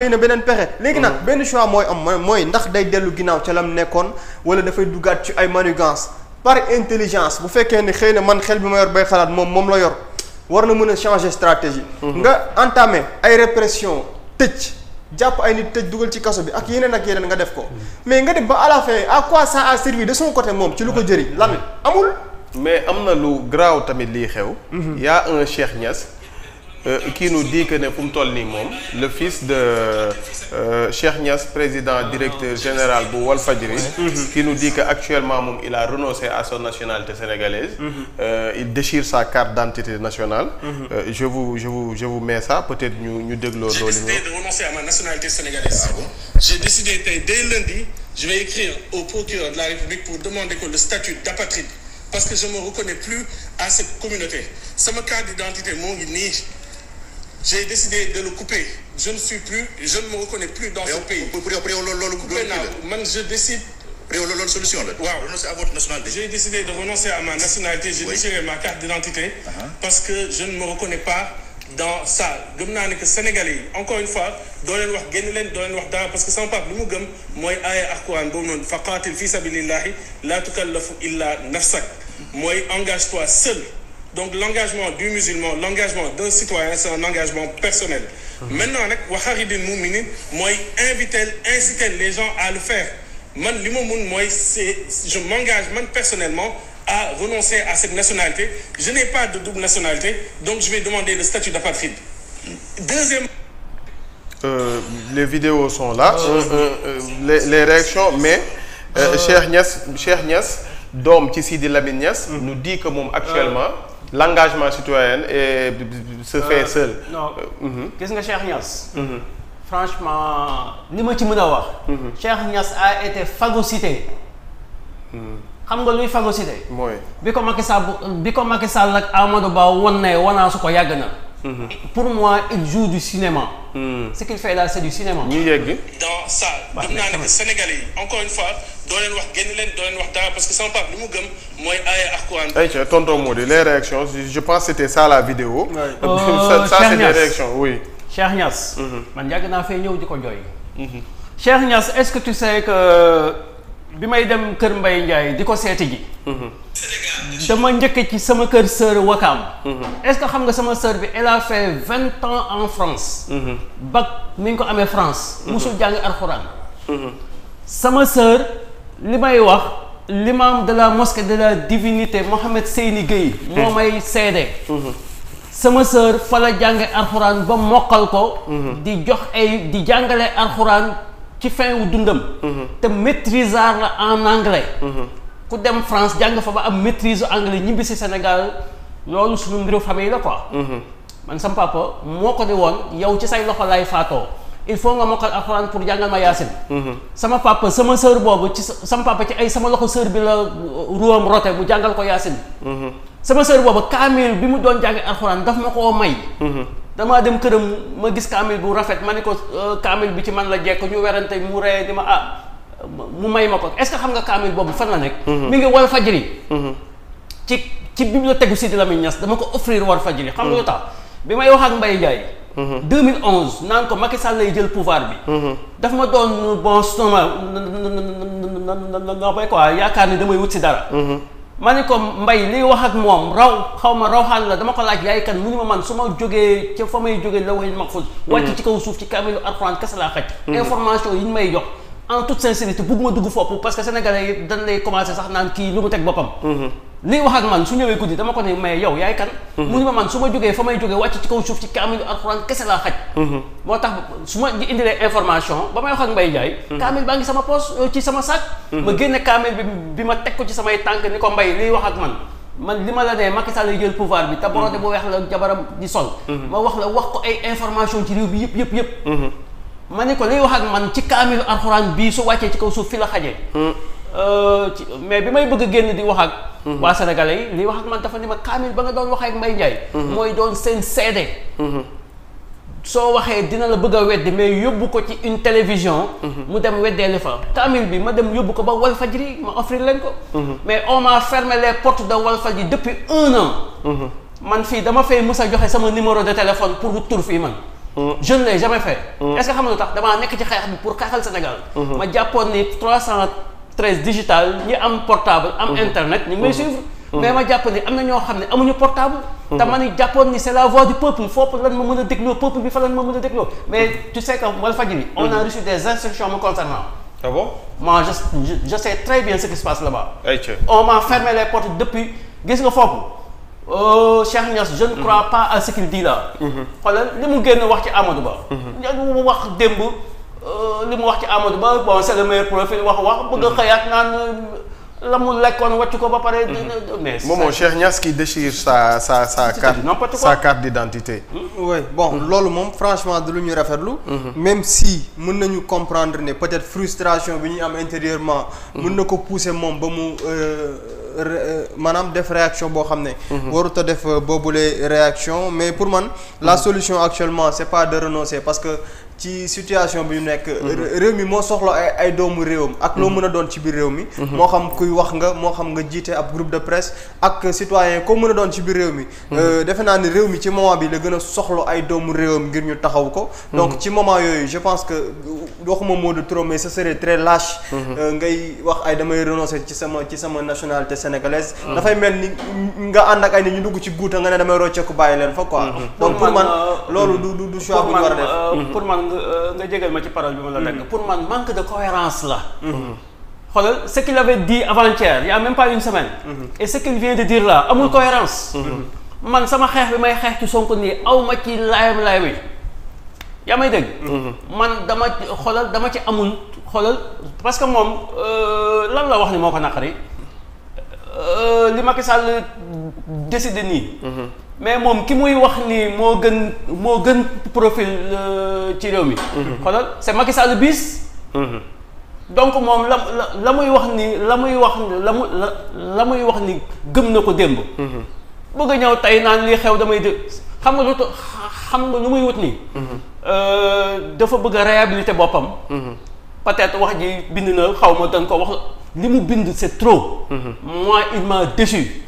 xëy na beneen pexe léegi nag benn choix mooy am mooy ndax day dellu ginnaaw ca lam nekkoon wala dafay duggaat ci ay manigance par intelligence bu fekkee ne xëy na man xel bi ma yor bay xalaat moom moom la yor war na mën a changer stratégie mhm. nga entamé ay répression tëj jàpp ay nit tëj dugal ci kaso bi ak yeneen ak yeneen nga def ko mhm. mais nga dem ba à la fin à quoi ça a servi de son côté moom ci lu ko jëriñ lan amul mais am na lu graaw tamit lii xew mhm. y kii euh, nous dit que ne fu mu toll nii moom le fils de euh, Cheikh Niass président directeur général bu Walfadjri mm-hmm. qui nous dit que actuellement moom il a renoncé à son nationalité sénégalaise mm-hmm. euh, il déchire sa carte d'identité nationale mm-hmm. je vous je vous je peut-être ñu ñu dégloo loolu j'ai décidé de renoncer à nationalité sénégalaise ah j'ai décidé tey dès lundi je vais écrire au procureur de la République pour demander le statut d'apatride parce que je me reconnais plus à cette sama carte je décidé de le couper je ne suis plus je ne me reconnais plus dans ce pays. man je décide. pour yow solution la. waaw renoncer à votre nationalité. j'ai décidé de renoncer à ma nationalité. j'ai déchiré ma carte d'identité uh-huh. parce que je ne me reconnais pas dans ça gëm naa ne que Sénégalais yi encore une fois doo leen wax génn leen doo wax dara parce que sama pap li mu gëm mooy aaya ak Quran fa qaatil fi la tukallafu illa nafsak mooy engage-toi seul. donc l'engagement du musulman l'engagement d'un citoyen c'est un engagement personnel mm -hmm. maintenant nag wa xaridil mu'minin mooy inviter inciter les gens à le faire man li ma mun mooy c'est je m'engage man personnellement à renoncer à cette nationalité je n'ai pas de double nationalité donc je vais demander le statut d'apatride deuxième euh, les vidéos sont là euh, euh, euh les, les réactions mais Cheikh Niass Cheikh Niass doom ci Sidi Lamine Niass mm. nous dit que moom actuellement l'engagement citoyen et se euh, fait seul. non euh, mhm. gis nga Cheikh Niass. Mhm. franchement li ma ci mën a wax. Mhm. Cheikh nias a été phagocyté. xam nga luy phagocyté. mooy bi ko Macky Sall bi ko Macky Sall ak Amadou Ba wan ne wanaa su ko yàgg na. Mm-hmm. pour moi il joue du cinéma. Mm. ce qu'il fait là c'est du cinéma. ñu yegg. dans ça gëm naa ne que Sénégalais yi encore une fois doo leen wax génn leen doo leen wax dara parce que sama papa li mu gëm mooy aaya ak Quran. ayca tonton Modou les réactions je pense c'était ça la vidéo. ça oh, ça c'est des réactions oui. Cheikh Niass. Mm-hmm. man yàgg naa fee ñëw di ko jooy. Mm-hmm. Cheikh Niass est-ce que tu sais que. bi may dem kër Mbaye Ndiaye di ko seeti ji. dama njëkk ci sama kër sœur Wakaam. Mm-hmm. est-ce que xam nga sama sœur bi et la fait vingt ans en France. Mm-hmm. bac mi ngi ko amee France. Mm-hmm. musul jàng alxuraan. sama sœur li may wax l'imam de la mosquée de la divinité Mohamed Seyni Gueye. moo may seede. sama sœur fa la jànge ba mokkal ko. di jox ay di jàngale alxuraan. ci fin wu dundam. te maîtrisard la en anglais. ku dem France jàng fa ba am maîtrise anglais ñibbi si Sénégal loolu suñu mbiru famille la mhm. man sam moo ko di woon yow ci say loxo laay faatoo. il faut nga mokkal alxuraan pour jàngal ma yaasin sama papa sama sœur boobu ci sama papa ci ay sama loxo sœur bi la euh, ruwam rote mu jàngal ko yaasin sama sœur boobu kaamil bi mu doon jàngi alxuraan dafa ma koo may damaa dem këram ma gis kaamil bu rafet ma ne ko euh, kaamil bi ci man la jekk ñu werante mu ree di ma ah mu may ma ko est xam nga kaamil boobu fan la nekk mhm. mi ngi wal fajri mhm. ci ci bi Sidi la Niass dama ko offrir war fajri xam nga lu mhm. tax bi may wax ak Mbaye Ndiaye 2011 naan ko Macky Sall lay jël pouvoir bi. Mhm. daf ma doon bon sama na koy quoi yaakaar ni damay wut si dara. Mhm. ma ne ko mbay li wax ak moom raw xaw ma raw xaal la dama ko laaj yaay kan mu ni ma man su ma jógee ca fa may jógee la waxin maxfus mhm. wàcc ci kaw suuf ci kaamilu alxuraan kese laa xaj information yi may jox en toute sincérité bëgg ma dugg fopp parce que sénégalais yi dañ lay commencé sax naan kii lu mu teg boppam li wax ak man su ñëwee guddi dama ko ne mais yow yaay kan mu ni ma man su ma jógee fa may jógee wàcc ci kaw suuf ci kaamilu alxuraan kese laa xaj moo tax su ma indilee information ba may wax ak Mbaye Ndiaye kaamil baa ngi sama poos ci sama sac ma génne kaamil bi ma teg ko ci samay tànk ni ko Mbaye liy wax ak man man li ma la nee ma Sall lay jël pouvoir bi te borode bu weex la jabaram di sol ma wax la wax ko ay information ci réew bi yëpp yëpp yëpp ma ni ko wax man ci kaamilu alxuraan bii su wàccee ci kaw suuf fi la xajee Euh, ci mais bi may bëgg génn di wax ak. Mhm. waa sénégalais yi li wax ak man dafa ne ma kaamil ba nga doon waxee ak Mbaye Ndiaye. Mhm. mooy doon seen seede. Mhm. soo waxee dina la bëgg a weddi mais yóbbu ko ci une télévision. mu dem weddeeli fa kaamil bi ma dem yóbbu ko ba Walfadjri ma offrir leen ko. mais on m'a fermé les portes de Walfadjri depuis un an. man fii dama fee mës a joxe sama numéro de téléphone pour wut tur fii man. je ne l'ai jamais fait. est-ce xam tax damaa nekk ci xeex bi pour xeexal Sénégal. très digital ñi am portable am internet ñu ngi may suivre mais ma jàpp ne am na ñoo xam ne amuñu portable te ma ni jàppoon ni c'est la voix du peuple foofu lan ma mën a dégloo peuple bi fa lan ma mën a dégloo mais tu sais que Walfadjri on a reçu des instructions me concernant ah bon moi je, je je sais très bien on m'a fermé les depuis gis nga foofu euh, Cheikh Niass je ne pas à ce qu'il dit là xoolal li mu génn wax ci Amadou Ba ñu wax démb Euh, li mu wax ci Amadou Ba bon c'est le meilleur profil wax wax bëgg a xëyaat naan euh, la mu lekkoon wàcc ko ba pare. mais moom Cheikh Niass qui déchire sa sa sa carte sa carte d'identité. Mmh. oui bon mmh. loolu moom franchement du lu ñu rafetlu. Mmh. même si mën nañu comprendre ne peut-être frustration bi ñu am intérieurement. mun na ko pousser moom ba mu. Euh, maanaam def réaction boo xam ne warut a def boobule réaction mais pour man la solution actuellement c'est pas de renoncer parce que ci situation bi ñu nekk. Mhm. réew mi moo soxla ay ay doomu réewam. ak loo mhm. mën a doon ci biir réew mi. Mhm. moo xam kuy wax nga moo xam nga jiite ab groupe de presse ak citoyen koo mën a doon ci biir réew mi. Euh, defe naa ni réew mi ci moment bi la gën a soxla ay doomu réewam ngir ñu taxaw ko. donc ci moment yooyu je pense que waxuma mot de trop mais ce serait très lâche. Euh, ngay wax ay damay renoncer ci sama ci sama nationalité sénégalaise. dafay mel ni nga ànd ak ay nit ñu dugg ci guuta nga ne damay rocceeku bàyyi leen fa Euh, nga jégal ma ci parole bi ma la dagg mm. pour man manque de cohérence la mm-hmm. xoolal ce qu'il avait dit avant-hier y a même pas une semaine mm-hmm. et ce qu'il vient de dire là amul mm-hmm. cohérence man sama xeex bi may xeex ci Sonko nii aw ma ci laayam laayam yi yaa may dégg man dama xoolal dama ci amul xoolal parce que moom euh, lan la wax ni moo ko naqari Euh, li Macky Sall décidé nii. Mhm. mais moom ki muy wax nii moo gën moo gën profil euh, ci réew mi. Mhm. xoolal c'est Macky Sall bis. Mhm. donc moom la la la muy wax ni la muy wax la mu la muy wax ni gëm na ko démb. bëgg ñëw tey naan lii xew damay dé xam nga lu xam nga lu muy wut nii. Euh, dafa bëgg a réhabiliter boppam. peut wax ji bind na xaw ma dañ ko wax. li mu bind c'est trop. moi il m'a déçu.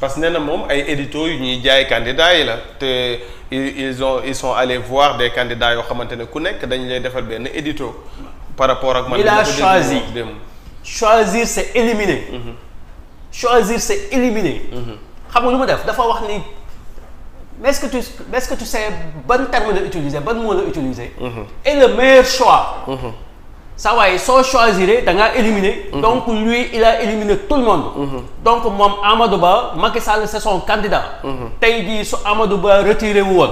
parce que nee moom ay éditos yu ñuy jaay candidats yi la te ils ont ils sont allés voir des candidats yoo xamante ne ku nekk dañu lay defar benn édito. par rapport ak man il a choisi choisir c'est éliminer. Mhm. choisir c'est éliminer. Mhm. xam nga lu mu def dafa wax ni mais est-ce que tu est-ce ban terme la utiliser ban mot la utiliser. Mhm. et le meilleur choix. sa waaye soo choisir da ngaa éliminer mhm. donc lui il a tout le monde mhm. donc moom Amadou Ba Macky Sall c'est son candidat mhm. tey jii su Amadou Ba retiré wu woon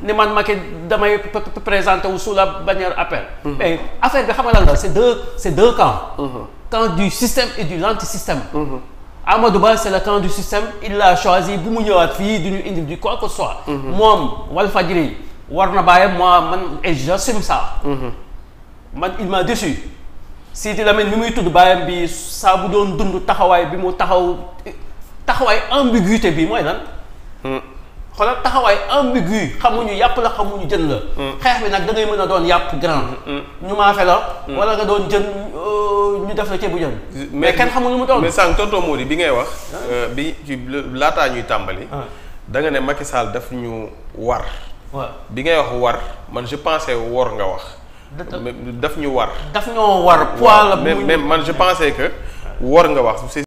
ni man Macky damay présenté wu sous la bannière appel mais affaire bi xam la c'est deux c'est deux camps camp du système et du l'antisystème Amadou Ba c'est le camp du système il l'a choisi bu mu ñëwaat fii du ñu indi du quoi que ce soit moom Walfadjri war na bàyyi moi man et j'assume man il m'a déçu Sidi Lamine mi muy tudd baayam bi saa bu doon dund taxawaay bi mu taxaw taxawaay ambiguïté bi mooy lan. Hmm. xoolal taxawaay ambigu xamuñu yàpp la xamuñu jën la. Hmm. xeex bi nag da mën a doon yàpp grand. Hmm. ñu maafe la. wala nga doon jën euh, ñu def la bu jën. mais kenn xamul lu mu doon. mais sànq tonton Mody bi ngay wax. Ah. Euh, bi ci laataa ñuy tàmbali. Ah. da nga ne Macky Sall daf ñu war. bi ngay wax war man je pensais wor nga wax. daf ñu war. daf ñoo war poids la. mais mais man je pensais que war nga wax